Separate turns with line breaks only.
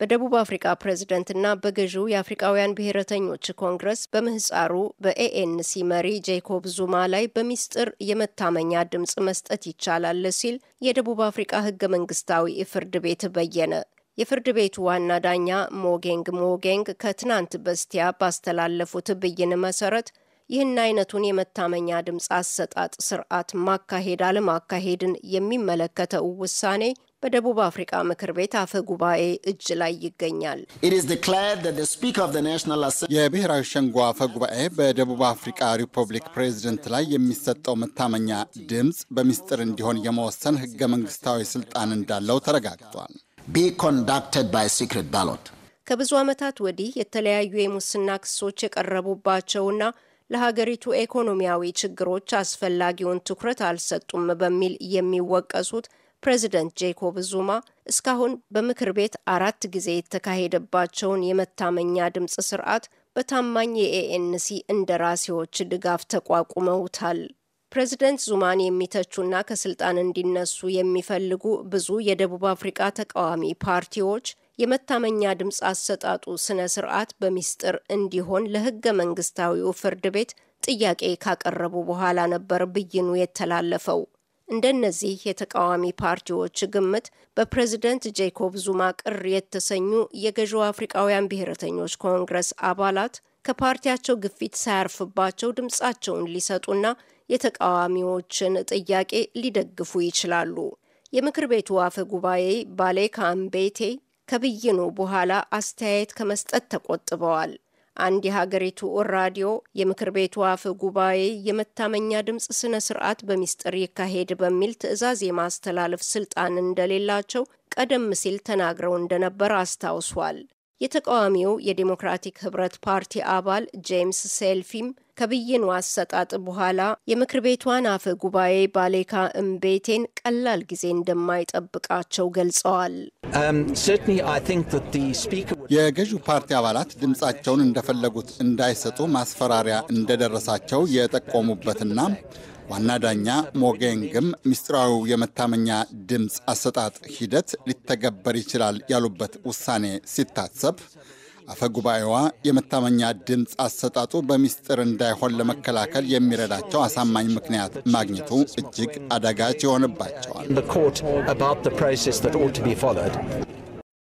በደቡብ አፍሪካ ፕሬዝደንትና በገዢው የአፍሪካውያን ብሔረተኞች ኮንግረስ በምህፃሩ በኤኤንሲ መሪ ጄኮብ ዙማ ላይ በሚስጥር የመታመኛ ድምፅ መስጠት ይቻላል ሲል የደቡብ አፍሪካ ህገ መንግስታዊ ፍርድ ቤት በየነ። የፍርድ ቤቱ ዋና ዳኛ ሞጌንግ ሞጌንግ ከትናንት በስቲያ ባስተላለፉት ብይን መሰረት ይህን አይነቱን የመታመኛ ድምፅ አሰጣጥ ስርዓት ማካሄድ አለማካሄድን የሚመለከተው ውሳኔ በደቡብ አፍሪካ ምክር ቤት አፈ ጉባኤ እጅ ላይ ይገኛል።
የብሔራዊ ሸንጎ አፈ ጉባኤ በደቡብ አፍሪካ ሪፐብሊክ ፕሬዝደንት ላይ የሚሰጠው መታመኛ ድምፅ በሚስጥር እንዲሆን የመወሰን ህገ መንግስታዊ ስልጣን እንዳለው ተረጋግጧል።
ከብዙ ዓመታት ወዲህ የተለያዩ የሙስና ክሶች የቀረቡባቸውና ለሀገሪቱ ኢኮኖሚያዊ ችግሮች አስፈላጊውን ትኩረት አልሰጡም በሚል የሚወቀሱት ፕሬዚደንት ጄኮብ ዙማ እስካሁን በምክር ቤት አራት ጊዜ የተካሄደባቸውን የመታመኛ ድምፅ ስርዓት በታማኝ የኤኤንሲ እንደራሴዎች ድጋፍ ተቋቁመውታል። ፕሬዚደንት ዙማን የሚተቹና ከስልጣን እንዲነሱ የሚፈልጉ ብዙ የደቡብ አፍሪቃ ተቃዋሚ ፓርቲዎች የመታመኛ ድምፅ አሰጣጡ ስነ ስርዓት በሚስጥር እንዲሆን ለህገ መንግስታዊው ፍርድ ቤት ጥያቄ ካቀረቡ በኋላ ነበር ብይኑ የተላለፈው። እንደነዚህ የተቃዋሚ ፓርቲዎች ግምት በፕሬዝደንት ጄኮብ ዙማ ቅር የተሰኙ የገዢው አፍሪቃውያን ብሔረተኞች ኮንግረስ አባላት ከፓርቲያቸው ግፊት ሳያርፍባቸው ድምፃቸውን ሊሰጡና የተቃዋሚዎችን ጥያቄ ሊደግፉ ይችላሉ። የምክር ቤቱ አፈ ጉባኤ ባሌ ካምቤቴ ከብይኑ በኋላ አስተያየት ከመስጠት ተቆጥበዋል። አንድ የሀገሪቱ ራዲዮ የምክር ቤቱ አፈ ጉባኤ የመታመኛ ድምፅ ስነ ስርዓት በሚስጥር ይካሄድ በሚል ትዕዛዝ የማስተላለፍ ስልጣን እንደሌላቸው ቀደም ሲል ተናግረው እንደነበር አስታውሷል። የተቃዋሚው የዴሞክራቲክ ህብረት ፓርቲ አባል ጄምስ ሴልፊም ከብይኑ አሰጣጥ በኋላ የምክር ቤቷን አፈ ጉባኤ ባሌካ እምቤቴን ቀላል ጊዜ እንደማይጠብቃቸው ገልጸዋል። um,
የገዢው ፓርቲ አባላት ድምፃቸውን እንደፈለጉት እንዳይሰጡ ማስፈራሪያ እንደደረሳቸው የጠቆሙበትና ዋና ዳኛ ሞጌንግም ምስጢራዊው የመታመኛ ድምፅ አሰጣጥ ሂደት ሊተገበር ይችላል ያሉበት ውሳኔ ሲታሰብ አፈጉባኤዋ የመታመኛ ድምፅ አሰጣጡ በሚስጥር እንዳይሆን ለመከላከል የሚረዳቸው አሳማኝ ምክንያት ማግኘቱ እጅግ አዳጋች ይሆንባቸዋል።